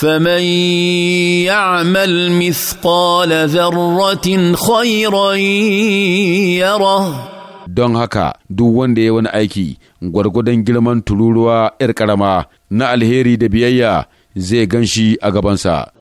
فمن يعمل مثقال ذرة خيرا يره don haka duk wanda ya wani aiki gwargwadon girman tururuwa 'yar ƙarama na alheri da biyayya zai gan shi a gabansa.